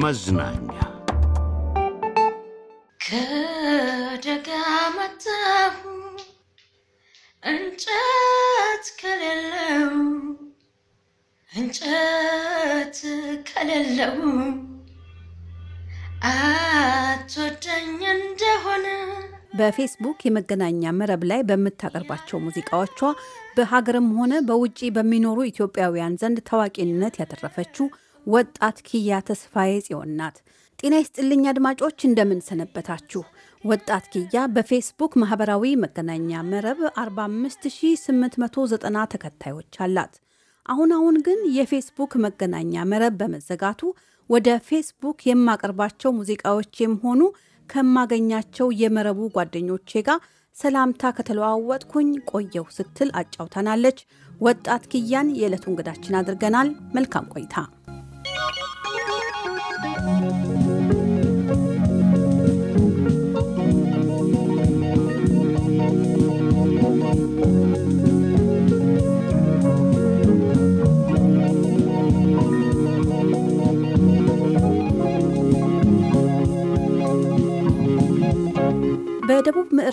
መዝናኛ ከደጋ መጣሁ እንጨት ከሌለው እንጨት ከሌለው አትወደኝ እንደሆነ በፌስቡክ የመገናኛ መረብ ላይ በምታቀርባቸው ሙዚቃዎቿ በሀገርም ሆነ በውጪ በሚኖሩ ኢትዮጵያውያን ዘንድ ታዋቂነት ያተረፈችው ወጣት ኪያ ተስፋዬ ጽዮን ናት። ጤና ይስጥልኝ አድማጮች፣ እንደምን ሰነበታችሁ? ወጣት ኪያ በፌስቡክ ማህበራዊ መገናኛ መረብ 45890 ተከታዮች አላት። አሁን አሁን ግን የፌስቡክ መገናኛ መረብ በመዘጋቱ ወደ ፌስቡክ የማቀርባቸው ሙዚቃዎቼም ሆኑ ከማገኛቸው የመረቡ ጓደኞቼ ጋር ሰላምታ ከተለዋወጥኩኝ ቆየሁ ስትል አጫውታናለች። ወጣት ኪያን የዕለቱ እንግዳችን አድርገናል። መልካም ቆይታ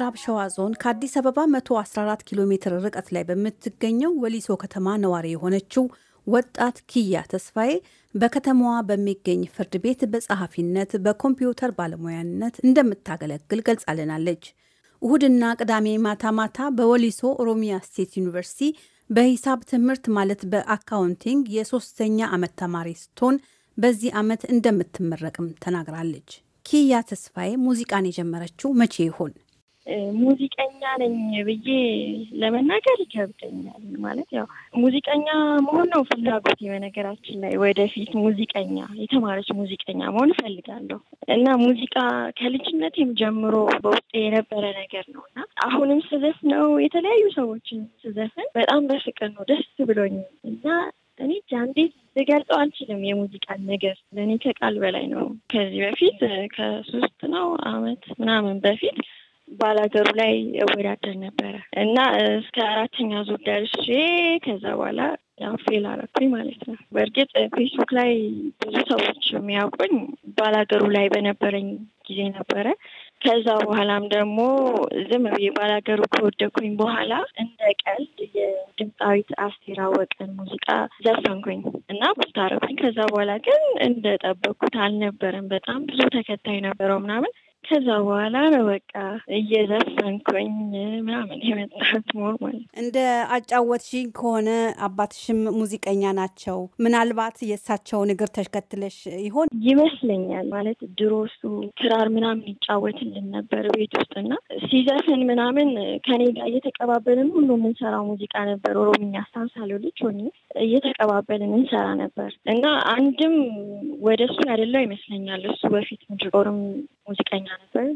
በምዕራብ ሸዋ ዞን ከአዲስ አበባ 114 ኪሎ ሜትር ርቀት ላይ በምትገኘው ወሊሶ ከተማ ነዋሪ የሆነችው ወጣት ኪያ ተስፋዬ በከተማዋ በሚገኝ ፍርድ ቤት በጸሐፊነት፣ በኮምፒውተር ባለሙያነት እንደምታገለግል ገልጻልናለች። እሁድና ቅዳሜ ማታ ማታ በወሊሶ ኦሮሚያ ስቴት ዩኒቨርሲቲ በሂሳብ ትምህርት ማለት በአካውንቲንግ የሶስተኛ ዓመት ተማሪ ስትሆን በዚህ ዓመት እንደምትመረቅም ተናግራለች። ኪያ ተስፋዬ ሙዚቃን የጀመረችው መቼ ይሆን? ሙዚቀኛ ነኝ ብዬ ለመናገር ይከብደኛል። ማለት ያው ሙዚቀኛ መሆን ነው ፍላጎቴ። በነገራችን ላይ ወደፊት ሙዚቀኛ የተማረች ሙዚቀኛ መሆን እፈልጋለሁ እና ሙዚቃ ከልጅነቴም ጀምሮ በውስጤ የነበረ ነገር ነው እና አሁንም ስዘፍ ነው የተለያዩ ሰዎችን ስዘፍን በጣም በፍቅር ነው ደስ ብሎኝ እና እኔ እንዴት ልገልጸው አልችልም። የሙዚቃን ነገር ለእኔ ከቃል በላይ ነው። ከዚህ በፊት ከሶስት ነው አመት ምናምን በፊት ባላገሩ ላይ እወዳደር ነበረ እና እስከ አራተኛ ዙር ደርሼ ከዛ በኋላ ያው ፌል አረኩኝ ማለት ነው። በእርግጥ ፌስቡክ ላይ ብዙ ሰዎች የሚያውቁኝ ባላገሩ ላይ በነበረኝ ጊዜ ነበረ። ከዛ በኋላም ደግሞ ዝም ብዬ ባላገሩ ከወደኩኝ በኋላ እንደ ቀልድ የድምፃዊት አስቴር አወቀን ሙዚቃ ዘፈንኩኝ እና ፖስት ከዛ በኋላ ግን እንደጠበኩት አልነበረም። በጣም ብዙ ተከታይ ነበረው ምናምን ከዛ በኋላ ነው በቃ እየዘፈንኩኝ ምናምን የመጣሁት ሞር ማለት እንደ አጫወትሽኝ ከሆነ አባትሽም ሙዚቀኛ ናቸው። ምናልባት የእሳቸውን እግር ተሽከትለሽ ይሆን ይመስለኛል። ማለት ድሮ እሱ ክራር ምናምን ይጫወትልን ነበር ቤት ውስጥ እና ሲዘፍን ምናምን ከኔ ጋር እየተቀባበልን ሁሉ የምንሰራው ሙዚቃ ነበር። ኦሮምኛ አስታውሳለሁ። ልጅ ሆኜ እየተቀባበልን እንሰራ ነበር እና አንድም ወደ እሱ ያደለው ይመስለኛል እሱ በፊት ምድር ኦሮም ሙዚቀኛ ነበር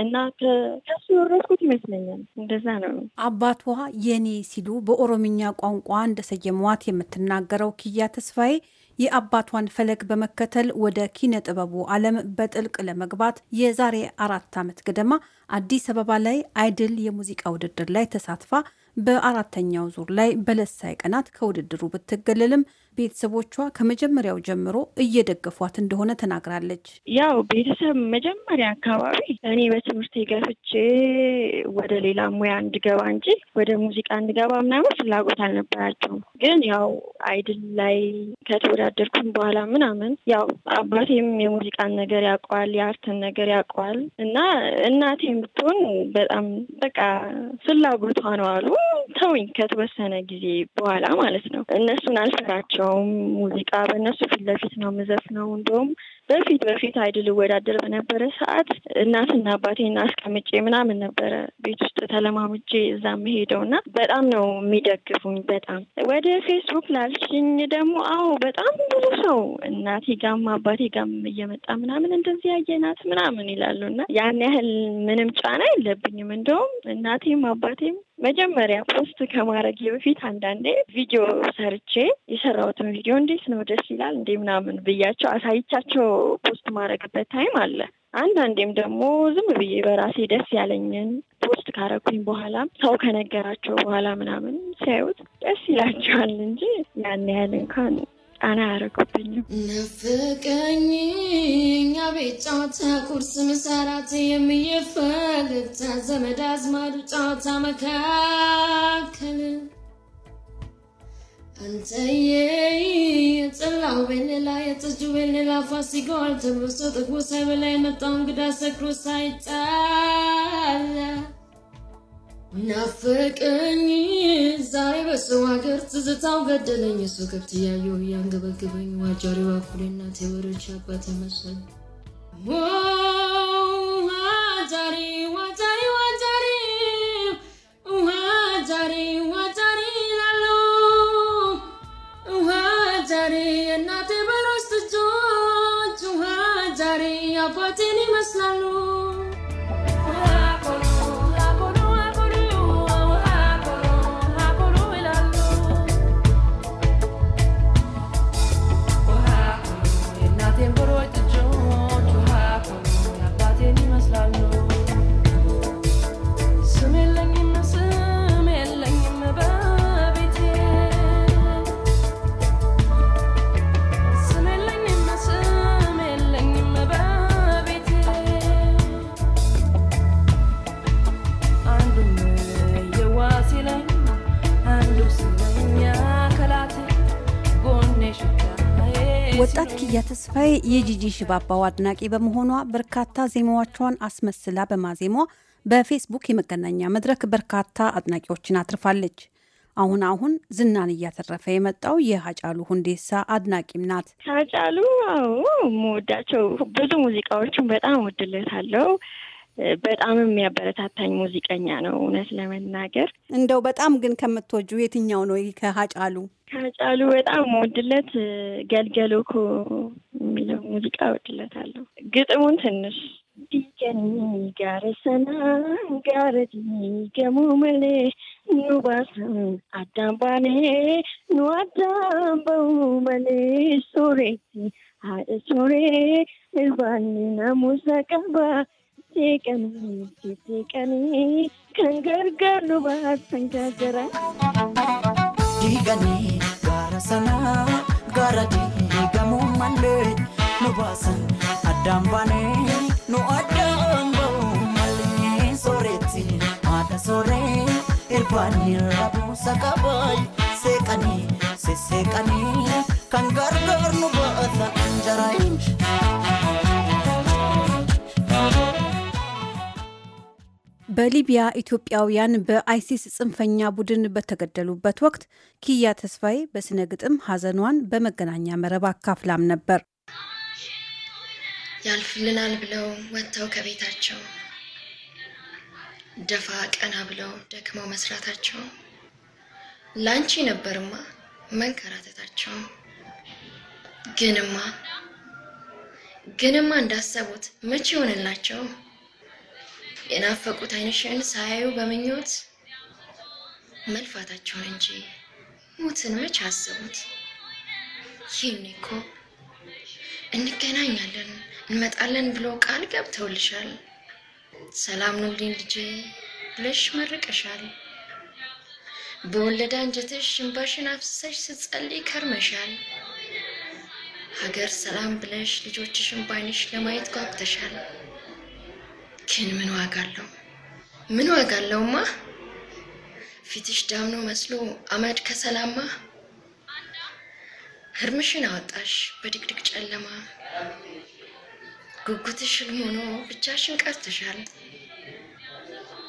እና ከሱ የወረስኩት ይመስለኛል። እንደዛ ነው። አባቷ የኔ ሲሉ በኦሮምኛ ቋንቋ እንደሰየሟት የምትናገረው ኪያ ተስፋዬ የአባቷን ፈለግ በመከተል ወደ ኪነ ጥበቡ ዓለም በጥልቅ ለመግባት የዛሬ አራት ዓመት ገደማ አዲስ አበባ ላይ አይድል የሙዚቃ ውድድር ላይ ተሳትፋ በአራተኛው ዙር ላይ በለሳይ ቀናት ከውድድሩ ብትገለልም ቤተሰቦቿ ከመጀመሪያው ጀምሮ እየደገፏት እንደሆነ ተናግራለች። ያው ቤተሰብ መጀመሪያ አካባቢ እኔ በትምህርት ገፍቼ ወደ ሌላ ሙያ እንድገባ እንጂ ወደ ሙዚቃ እንድገባ ምናምን ፍላጎት አልነበራቸውም። ግን ያው አይድል ላይ ከተወዳደርኩም በኋላ ምናምን ያው አባቴም የሙዚቃን ነገር ያውቀዋል፣ የአርትን ነገር ያውቀዋል እና እናቴም ብትሆን በጣም በቃ ፍላጎቷ ነው አሉ ተውኝ ከተወሰነ ጊዜ በኋላ ማለት ነው። እነሱን አልፈራቸውም። ሙዚቃ በእነሱ ፊት ለፊት ነው የምዘፍነው። እንደውም በፊት በፊት አይድል እወዳደር በነበረ ሰዓት እናትና አባቴን አስቀምጬ ምናምን ነበረ ቤት ውስጥ ተለማምጄ እዛ መሄደው እና በጣም ነው የሚደግፉኝ። በጣም ወደ ፌስቡክ ላልሽኝ ደግሞ አዎ፣ በጣም ብዙ ሰው እናቴ ጋም አባቴ ጋም እየመጣ ምናምን እንደዚህ ያየናት ምናምን ይላሉ እና ያን ያህል ምንም ጫና የለብኝም። እንደውም እናቴም አባቴም መጀመሪያ ፖስት ከማድረግ በፊት አንዳንዴ ቪዲዮ ሰርቼ የሰራሁትን ቪዲዮ እንዴት ነው ደስ ይላል እንዴ ምናምን ብያቸው አሳይቻቸው ፖስት ማድረግበት ታይም አለ። አንዳንዴም ደግሞ ዝም ብዬ በራሴ ደስ ያለኝን ፖስት ካረኩኝ በኋላ ሰው ከነገራቸው በኋላ ምናምን ሲያዩት ደስ ይላቸዋል እንጂ ያን ያህል እንኳን ጫና አያደርጉብኝም። ናፍቀኝ እኛ ቤት ጨዋታ ቁርስ፣ መሰራት ራት ዘመድ አዝማዱ ጨዋታ መካከል አንተዬ የጠላው በሌላ የጠጁ በሌላ ፋሲካዋል ተብሶ ጥቁ ሳይበላ የመጣው እንግዳ ሰክሮ ሳይጣላ ናፍቀኝ እሱ ሀገር ትዝታው ገደለኝ እሱ ከብት እያየሁ ዋጃሪ ዋጃሪዋ እናቴ ቴወሮች አባት መሰል ዋጃሪ ዋጃሪ ዋጃሪ ዋጃሪ ዋጃሪ ይላሉ ዋጃሪ እናቴ በሮስት እጆች ዋጃሪ አባቴን ይመስላሉ ተስፋዬ የጂጂ ሽባባው አድናቂ በመሆኗ በርካታ ዜማዎቿን አስመስላ በማዜሟ በፌስቡክ የመገናኛ መድረክ በርካታ አድናቂዎችን አትርፋለች። አሁን አሁን ዝናን እያተረፈ የመጣው የሀጫሉ ሁንዴሳ አድናቂም ናት። ሀጫሉ አዎ፣ የምወዳቸው ብዙ ሙዚቃዎችን በጣም እወድለታለሁ። በጣም የሚያበረታታኝ ሙዚቀኛ ነው እውነት ለመናገር እንደው በጣም ግን ከምትወጁ የትኛው ነው ከሀጫሉ ከሀጫሉ በጣም ወድለት ገልገሎ እኮ የሚለው ሙዚቃ ወድለት አለው። ግጥሙን ትንሽ ዲቀኒ ጋረሰና ጋረዲ ገሞመሌ ኑባሰን አዳምባኔ ኑ አዳምበው መሌ ሶሬቲ ሀደ ሶሬ እባኒ ናሙዛ jeeqanii kan Diiganii gaara sanaa gaara diigamuu malee nu baasan addaan baanee nu addaan ba'uu malee sooretti Maata sooree irbaanii rabuusa qabaay seeqanii sesseeqanii kan gargaar nu baasan jaraa. በሊቢያ ኢትዮጵያውያን በአይሲስ ጽንፈኛ ቡድን በተገደሉበት ወቅት ኪያ ተስፋዬ በስነ ግጥም ሀዘኗን በመገናኛ መረብ አካፍላም ነበር። ያልፍልናል ብለው ወጥተው ከቤታቸው ደፋ ቀና ብለው ደክመው መስራታቸው ላንቺ ነበርማ መንከራተታቸው ግንማ ግንማ እንዳሰቡት መቼ ይሆንላቸው የናፈቁት አይንሽን ሳያዩ በምኞት መልፋታቸውን እንጂ ሞትን መች አስቡት። ይህኔ እኮ እንገናኛለን እንመጣለን ብሎ ቃል ገብተውልሻል። ሰላም ኑልኝ ልጄ ብለሽ መርቀሻል። በወለዳ አንጀትሽ እንባሽን አፍሰሽ ስትጸልይ ከርመሻል። ሀገር ሰላም ብለሽ ልጆችሽን ባይንሽ ለማየት ጓጉተሻል። ግን ምን ዋጋ አለው? ምን ዋጋ አለውማ? ፊትሽ ዳምኖ መስሎ አመድ ከሰላማ ህርምሽን አወጣሽ በድቅድቅ ጨለማ ጉጉትሽ ህልም ሆኖ ብቻሽን ቀርተሻል።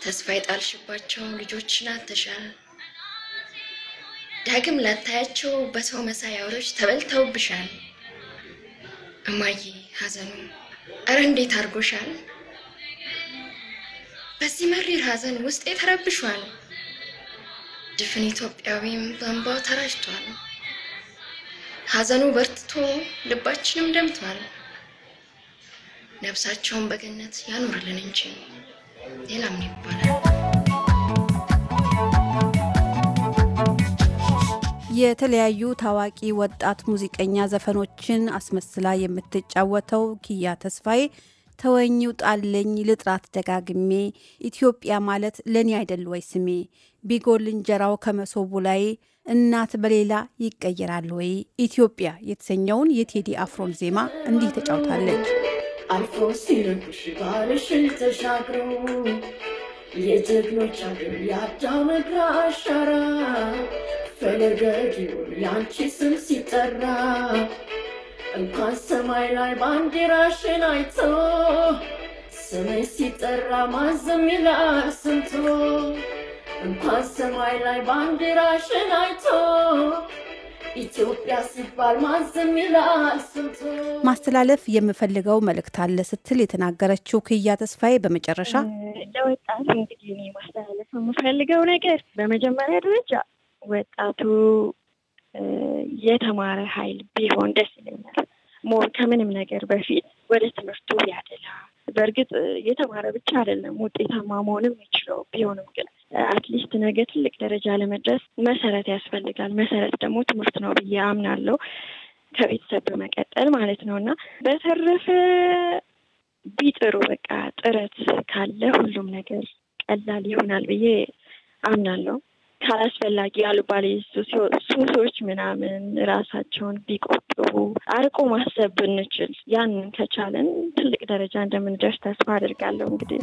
ተስፋ የጣልሽባቸው ልጆችን አተሻል። ዳግም ላታያቸው በሰው መሳይ አውሮች ተበልተውብሻል። እማዬ ሀዘኑ እረ እንዴት አድርጎሻል? በዚህ መሪር ሐዘን ውስጥ የተረብሿል። ድፍን ኢትዮጵያዊም በእንባው ተራጭቷል። ሀዘኑ በርትቶ ልባችንም ደምቷል። ነፍሳቸውን በገነት ያኖርልን እንጂ ሌላ ምን ይባላል? የተለያዩ ታዋቂ ወጣት ሙዚቀኛ ዘፈኖችን አስመስላ የምትጫወተው ኪያ ተስፋዬ ተወኝ ውጣልኝ ልጥራት ደጋግሜ ኢትዮጵያ ማለት ለእኔ አይደል ወይ ስሜ ቢጎል እንጀራው ከመሶቡ ላይ እናት በሌላ ይቀየራል ወይ ኢትዮጵያ የተሰኘውን የቴዲ አፍሮን ዜማ እንዲህ ተጫውታለች። አልፎ ሲርብሽ ባርሽን ተሻግሮ የጀግኖች አገር የአዳም እግር አሻራ ፈለገ ያንቺ ስም ሲጠራ እንኳን ሰማይ ላይ ባንዲራሽን አይቶ ስምሽ ሲጠራ ማዘም ይላል ስንቱ። እንኳን ሰማይ ላይ ባንዲራሽን አይቶ ኢትዮጵያ ሲባል ማዘም ይላል ስንቱ። ማስተላለፍ የምፈልገው መልእክት አለ ስትል የተናገረችው ክያ ተስፋዬ በመጨረሻ ለወጣቱ እንግዲህ እኔ ማስተላለፍ የምፈልገው ነገር በመጀመሪያ ደረጃ ወጣቱ የተማረ ኃይል ቢሆን ደስ ይለኛል። ሞር ከምንም ነገር በፊት ወደ ትምህርቱ ያደላ። በእርግጥ የተማረ ብቻ አይደለም ውጤታማ መሆንም የሚችለው ቢሆንም ግን አትሊስት ነገ ትልቅ ደረጃ ለመድረስ መሰረት ያስፈልጋል። መሰረት ደግሞ ትምህርት ነው ብዬ አምናለሁ፣ ከቤተሰብ በመቀጠል ማለት ነው እና በተረፈ ቢጥሩ በቃ ጥረት ካለ ሁሉም ነገር ቀላል ይሆናል ብዬ አምናለሁ። ካላስፈላጊ አሉባሌ ሱሶች ምናምን ራሳቸውን ቢቆጥቡ አርቆ ማሰብ ብንችል ያንን ከቻለን ትልቅ ደረጃ እንደምንደርስ ተስፋ አድርጋለሁ። እንግዲህ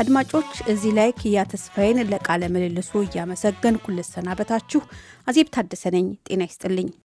አድማጮች እዚህ ላይ ክያ ተስፋዬን ለቃለ ምልልሱ እያመሰገንኩ ልሰናበታችሁ። አዜብ ታደሰ ነኝ። ጤና ይስጥልኝ።